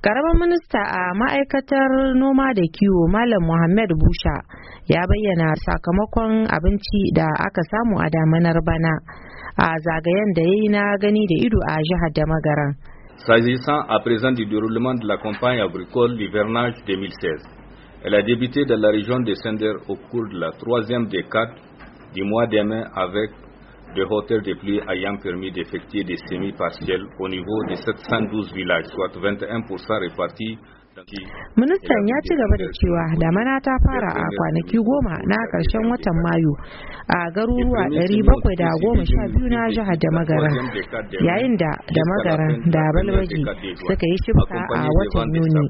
Karamin minista a ma'aikatar noma da kiwo Malam Muhammad Busha ya bayyana sakamakon abinci da aka samu a damanar bana a zagayen da ya yi na gani da ido a jihar da magaran. S'agissant à présent du déroulement de la campagne agricole l'hivernage 2016, elle a débuté dans la région de Sender au cours de la troisième décade du mois de mai avec de hauteur de pluie ayant permis d'effectuer des semis partiels au niveau de 712 villages, soit 21% répartis Ministan ya ci gaba da cewa damana ta fara a kwanaki goma na ƙarshen watan Mayu a garuruwa 712 na jihar da magaran yayin da da magaran da balbaji suka yi shifka a watan Yuni.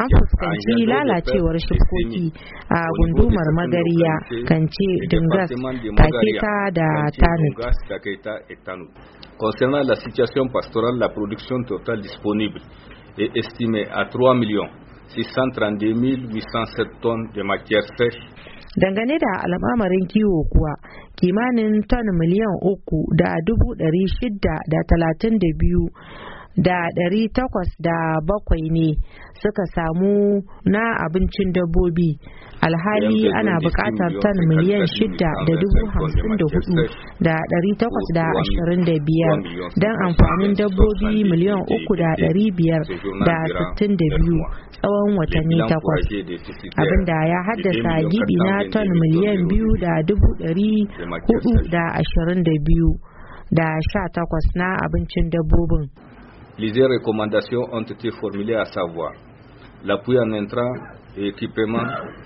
An fuskanci lalacewar shifkoki a gundumar magariya kance Dungas Taketa da Tanut. Concernant la situation pastorale, la production totale disponible est estimé à 3 632 807 tonnes de matière sèche. Dangane da al'amarin kiwo kuwa kimanin ton miliyan uku da dubu ɗari shida da talatin da biyu da ɗari takwas da bakwai ne suka samu na abincin dabbobi alhali ana buƙatar tan miliyan shida da dubu hamsin da hudu da ɗari takwas da ashirin da biyar don amfanin dabbobi miliyan uku da ɗari biyar da sittin da biyu tsawon watanni takwas abinda ya haddasa gibi na tan miliyan biyu da dubu ɗari hudu da ashirin da biyu da sha takwas na abincin dabbobin Plusieurs recommandations ont été formulées à savoir l'appui en entrant et équipement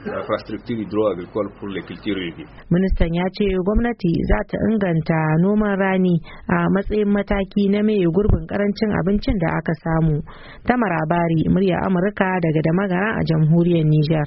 infrastructure hydroagricole pour les cultures irriguées. Ministan ya ce gwamnati za ta inganta noman rani a matsayin mataki na mai gurbin karancin abincin da aka samu. ta marabari murya Amurka daga da magara a jamhuriyar Nijar.